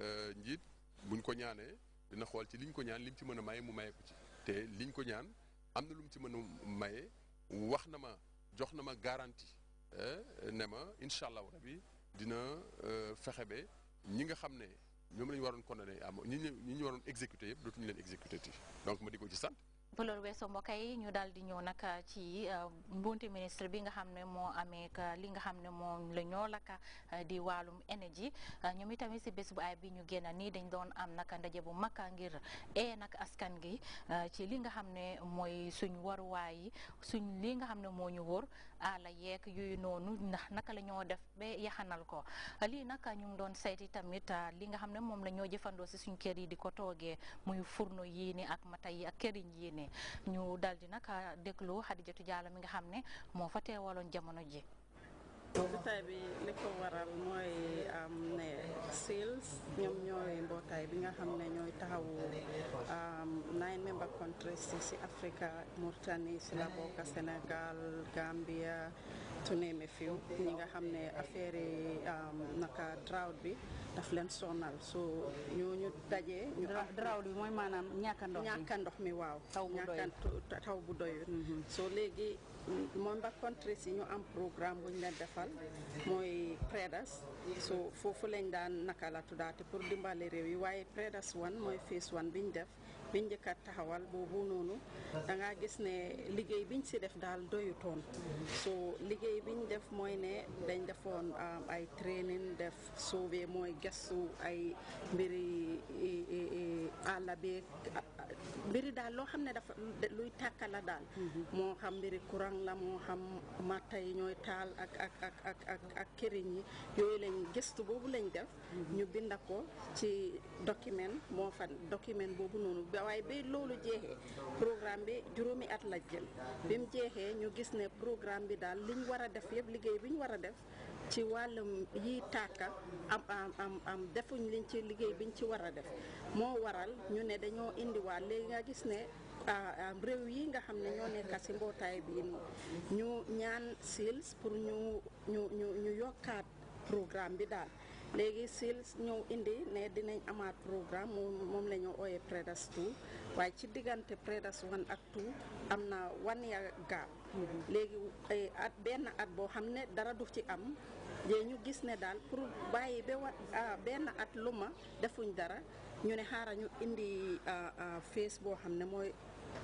Euh, njiit buñ ko ñaanee dina xool ci liñ ko ñaan lim ci mën a maye mu maye ko ci te liñ ko ñaan am na lu mu ci mën a maye wax na ma jox na ma garantie ne ma incha allahu rabi dina euh, fexe ba ñi nga xam ne ñoom la ñu waroon condamné am ñu ñi ñu waroon exécuté yëpp dootuñu leen exécuté ti donc ma di ci sant. bu loolu weesoo mbokk yi ñu daal di ñëw nag uh, ci uh, mbunti ministre bi nga xam ne moo amee uh, li nga xam ne moom la ñoo di wàllum énergie ñoom itamit si bés bu ay bi ñu génn nii dañ doon am nag ndaje bu mag ngir nag askan gi ci li nga xam ne mooy suñ waruwaay yi suñ li nga xam ne moo ñu wóor àla yeeg yooyu noonu ndax naka lañoo def ba yaxanal ko lii nag ñu ngi doon seeti itamit li nga xam ne moom la ñoo jëfandoo si suñ kër yi di ko toogee muy furno yii ni ak mata yi ak këriñ yii ñu dal di nag déglu xadijatu dialo mi nga xam ne moo fa teewaloon jamono ji mbootaay bi li ko waral mooy am ne sils ñoom ñooy mbootaay bi nga xam ne ñooy taxawu member countries si Africa Mauritanie si la bokk Sénégal Gambia to name a nga xam ne affaire yi um, naka drought bi daf leen sonal so ñooñu dajee ñu bi mooy maanaam ñàkk ndox mi waaw ñàkk taw bu doyul mm-hmm. so léegi member countries yi ñu am programme bu ñu leen defal mooy PREDAS so foofu lañ daan naka la tuddaate pour dimbale réew yi waaye PREDAS wan mooy phase one biñ def min jëkkat taxawal boobu noonu danga gis ne liggéey biñ si def daal doyu toon so liggéey biñ def mooy ne dañ defoon ay training def sauvé mooy gestu ay mbiri àllabeek mbiri daal loo xam ne dafa luy tàkka la daal mhm. moo xam mbiri courant la moo xam matta yi ñooy taal ak ak ak ak ak ak kërin yi yooyu lañ gestu boobu lañ def mhm. ñu bind ko ci document moo fa document boobu noonu waaye bi loolu jeexee programme bi juróomi at la jël bi mu jeexee ñu gis ne programme bi daal liñ war a def yëpp liggéey bi ñu war a def ci wàllum yi tàkka am am am defuñ liñ ci liggéey biñ ci war a def moo waral ñu ne dañoo indiwaat léegi nga gis ne réew yi nga xam ne ñoo nekk si mbootaay bii nii ñu ñaan SEALS pour ñu ñu ñu ñu yokkaat programme bi daal léegi SEALS ñëw indi ne dinañ amaat programme moom la ñu ooyee PREDAS 2 waaye ci diggante PREDAS 1 ak 2 am na one year gap mhm. léegi at benn at boo xam ne dara du ci am yee ñu gis ne daal pour bàyyi ba wa benn at lu ma defuñ dara ñu ne xaaral ñu indi phase boo xam ne mooy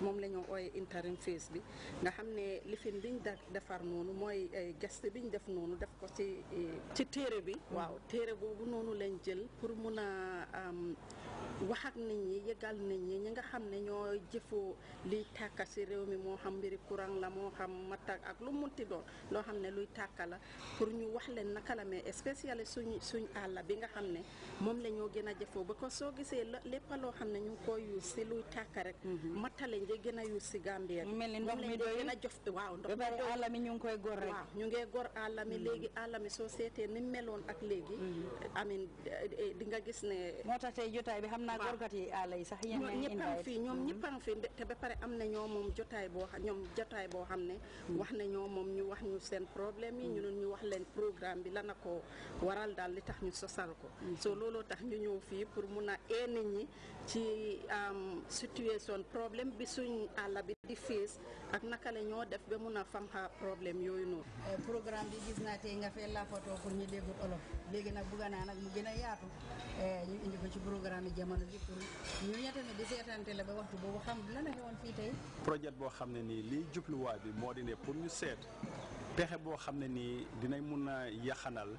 moom la ñu ooye interim phase bi nga xam ne lifin biñ defar noonu mooy eh, bi ñu def noonu def ko ci eh, ci téere bi mm-hmm. waaw téere boobu noonu lañ jël pour mun a wax ak nit ñi yëgal nit ñi ñi nga xam ne ñoo jëfoo liy tàkka si réew mi moo xam mbiri courant la moo xam matta ak lu munti doon loo xam ne luy tàkka la pour ñu wax leen naka la mais spécial suñ suñ àll bi nga xam ne moom lañoo gën a jëfoo ba ko soo gisee lépp loo xam ne ñu koy use si luy tàkka lañ dee gën a yuur si Gambia bi. mu mel ni ndox mi doyul gën a jox waaw ndox mi doyul ba àll mi ñu ngi koy gor rek. waaw ñu ngee gor àll mi mm. léegi àll mi soo seetee ni meloon ak léegi. Mm. amiin eh, di nga gis ne. moo tax tey jotaay bi xam naa gorkat yi àll yi sax yéen ñoo ñëpp a fi ñoom ñëpp a fi mm. te ba pare am na ñoo moom jotaay boo xam ñoom jotaay boo xam ne. wax na ñoo moom ñu wax ñu seen problème yi ñu ne ñu wax leen programme bi la na ko waral daal li tax ñu sosal ko. so looloo tax ñu ñëw fii pour mun a ee nit ñi ci situation problème bi. bi suñ àll bi di fees ak naka la ñoo def ba mun a fanxa problème yooyu noonu. Eh, programme bi gis naa tey nga fee laafatoo pour ñu déggul olof léegi nag bugga naa nag mu gën a yaatu eh, ñu indi ko ci programme jamono ji pour ñu ñett mi di seetante la ba waxtu boobu xam la na xewoon fii tey. projet boo xam ne nii liy jubluwaay bi moo di pour ñu seet pexe boo xam ne nii dinañ mun a yaxanal.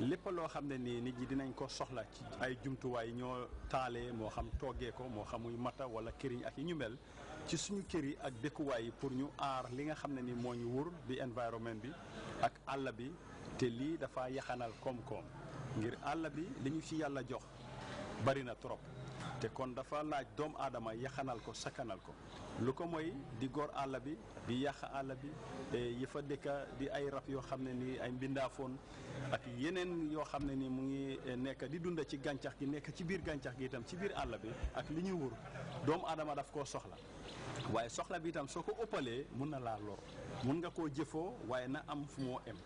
lépp loo xam ne nii nit ñi dinañ ko soxla ci ay jumtuwaay ñoo taalee moo xam toggee ko moo xam muy mata wala këriñ ak yi ñu mel ci suñu kër yi ak dëkkuwaay yi pour ñu aar li nga xam ne nii moo ñu bi di environnement bi ak àll bi te lii dafa yaxanal koom-koom ngir àll bi li ñu ci yàlla jox bari na trop te kon dafa laaj doomu aadama yaxanal ko sakkanal ko lu ko mooy di goor àll bi di yàq àll bi yi fa dëkka di ay rab yoo xam ne nii ay mbindaafoon ak yeneen yoo xam ne nii mu ngi eh, nekk di dund ci gàncax gi nekk ci biir gàncax gi itam ci biir àll bi ak li ñuy wur doomu aadama daf koo soxla waaye soxla bi itam soo ko ëppalee mun na laa lor mun nga koo jëfoo waaye na am fu moo em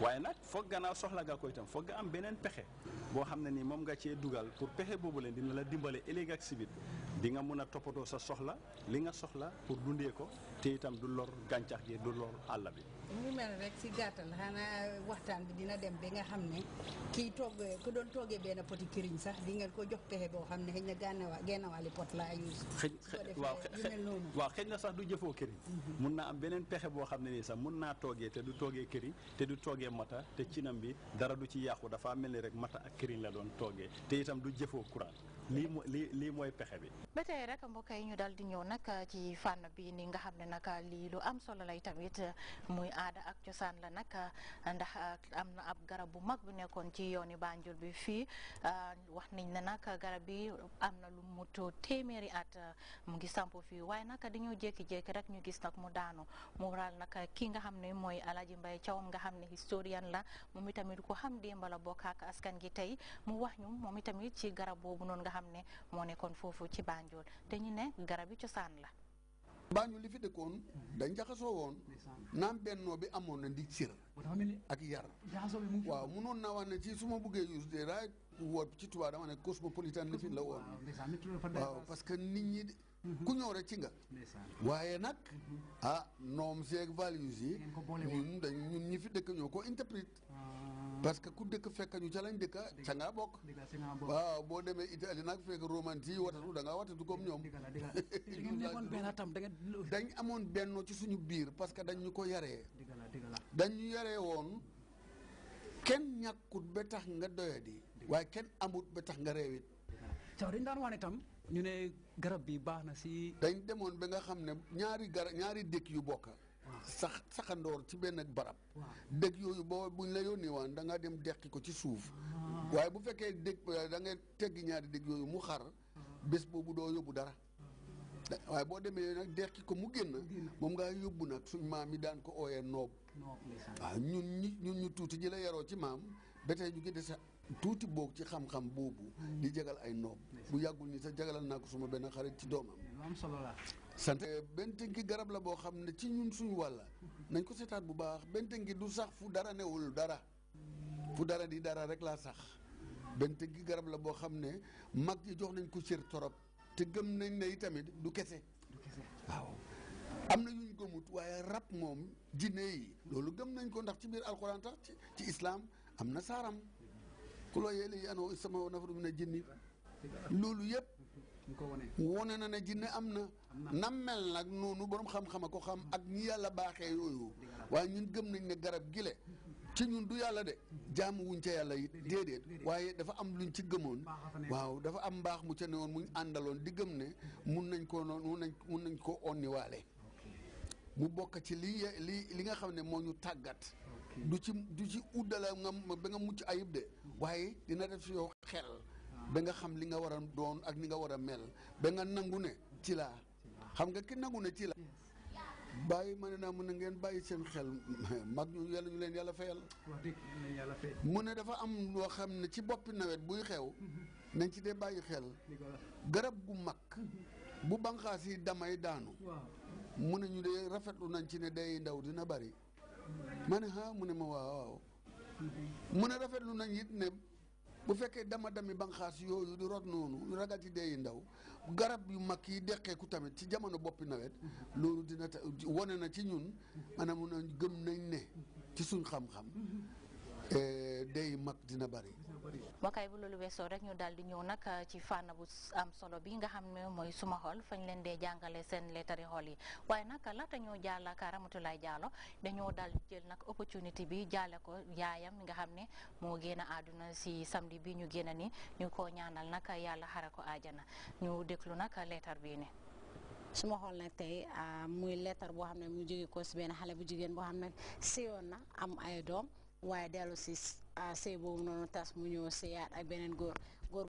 waaye nag foog gannaaw soxla nga ko itam foog nga am beneen pexe boo xam ne nii moom nga cee dugal pour pexe boobu leen dina la dimbale ëllëg ak sibit di nga mun a toppatoo sa soxla li nga soxla pour dundee ko te itam du lor gàncax gi du lor àll bi. mu mel rek si gàttal xanaa waxtaan bi dina dem ba nga xam ne kii togg ku doon toggee benn poti këriñ sax di ngeen ko jox pexe boo xam ne xëy na gànnaaw gànnaawaali pot laa use. xëy waaw waaw xëy na sax du jëfoo këriñ. Mm-hmm. mun naa am beneen pexe boo xam ne nii sax mun naa toogee te du toggee këriñ te du toogee mata te cinam bi dara du ci yàqu dafa mel ni rek mata ak kiriñ la doon toogee te itam du jëfoo courant lii lii lii mooy pexe bi ba rek mbokk yi ñu daal di ñëw nag eh, ci fànn bi ni nga xam ne nag eh, lii lu am solo lay tamit eh, muy aada ak cosaan la nag ndax am na ab garab bu mag bu nekkoon ci yooni Banjul bi fii wax nañ ne nag garab bi am na lu mut téeméeri at mu ngi samp fii waaye nag dañoo jékki rek ñu gis nag mu daanu mu waral nag ki nga xam ne mooy Alaaji Mbay Caw nga xam ne historien la moom itamit ku xam démbala la bokk ak askan gi tey mu wax ñu moom itamit ci garab boobu noon nga xam ne moo nekkoon foofu ci Banjul Banjul te ñu ne garab yi cosaan la. Banjul li fi dëkkoon dañ jaxasoo woon naam bennoo bi amoon na ndig cër ak yar waaw munoon naa wax ne ci su ma buggee use de right word ci da dama ne cosmopolitan li fi la woon waaw parce que nit ñi mhm. ku ñëw rek ci nga waaye nag mhm. ah normes ak values yi ñun dañ ñun ñi fi dëkk ñoo ko interprète ah. parce que ku dëkk fekk ñu ca lañ dëkk ca ngaa bokk waaw boo demee Italie nag fekk romanti yi watatu da ngaa watatu comme ñoom dañ amoon benn ci suñu biir parce que dañ ñu ko yaree dañ ñu yaree woon kenn ñàkkut ba tax nga doyadi waaye kenn amut ba tax nga réewit saw dañ daan wane tam ñu ne garab bi baax na si dañ demoon ba nga xam ne ñaari garab ñaari dëkk yu bokka sax saxandoor ci benn barab. dëkk yooyu boo buñ la yónnee waan da ngaa dem deqi ko ci suuf. Ah. waaye bu fekkee dëkk da ngay teggi ñaari dëkk yooyu mu xar. Ah. bés boobu doo yóbbu dara. Ah. waaye boo demee nag deqi ko mu génn. moom ngaa yóbbu nag suñ maam yi daan ko ooyee noob. waaw ñun ñi ñu tuuti ñi la yaroo ci maam ba ñu ngi des tuuti boog ci xam-xam boobu. Mm. di jagal ay noob. bu yàggul ni sax jagalal naa ko suma benn xarit ci doomam. lu am solo sant eh, benn tënki garab la boo xam ne ci ñun suñu wàlla nañ ko seetaat bu baax benn tënki du sax fu dara newul dara fu dara di dara rek laa sax benn tënki garab la boo xam ne mag yi jox nañ ko cër torop te gëm nañ ne itamit du kese. du kese am na yuñ gëmut waaye rab moom jinne yi loolu gëm nañ ko ndax ci biir alxuraan tax ci ci islaam am na saaram. ku loo yee li anoo sama nafar ne a jinni loolu yëpp. wone na ne jinne am na nam mel nag noonu borom xam-xam a ko xam ak ñi yàlla baaxee yooyu waaye ñun gëm nañ ne garab gile ci ñun du yàlla de jaamu wuñ ca yàlla yi déedéet waaye dafa am luñ ci gëmoon waaw dafa am mbaax mu ca newoon mu àndaloon di gëm ne mun nañ koo noon mun nañ mun nañ koo oniwaale mu bokk ci li li li nga xam ne moo ñu tàggat du ci du ci uddala ba nga mucc ayib de waaye dina def si yow xel ba nga xam li nga war a doon ak li nga war a mel ba nga nangu ne ci laa xam nga ki nangu ne ci la bàyyi ma ne naa mun na ngeen bàyyi seen xel mag ñu yàlla ñu leen yàlla fayal mu ne dafa am loo xam ne ci boppi nawet buy xew nañ ci dee bàyyi xel garab gu mag bu banqaas yi damay daanu mu ne ñu dee rafetlu nañ ci ne day ndaw dina bari ma ne ha ah, mu ne ma waaw mm-hmm. mu ne rafetlu nañ it ne bu fekkee dama dami banqaas yooyu di rot noonu ragati dee yi ndaw garab yu mag yi deqeeku tamit ci jamono boppi nawet loolu dina ta wone na ci ñun maanaam gëm nañ ne ci suñ xam-xam eh, dee mag dina bari mbokkaay bu loolu weesoo rek ñu daal di ñëw nag uh, ci fànna bu am solo bi nga xam ne mooy suma xool fañ leen dee jàngale seen leetari xol yi waaye nag lata ñoo jàll ak Ramatulaay Jaalo dañoo daal di jël nag opportunité bi jaale ko yaayam nga xam ne moo génn àdduna si samdi bi ñu génn ni ñu ko ñaanal nag yàlla xara ko aajana ñu déglu nag leetar bii ne suma xool nag tey uh, muy leetar boo xam ne mu jóge ko si benn xale bu jigéen boo xam ne yoon na am ay doom Ah, sëy boobu noonu tas mu ñëw sëyaat ak beneen góor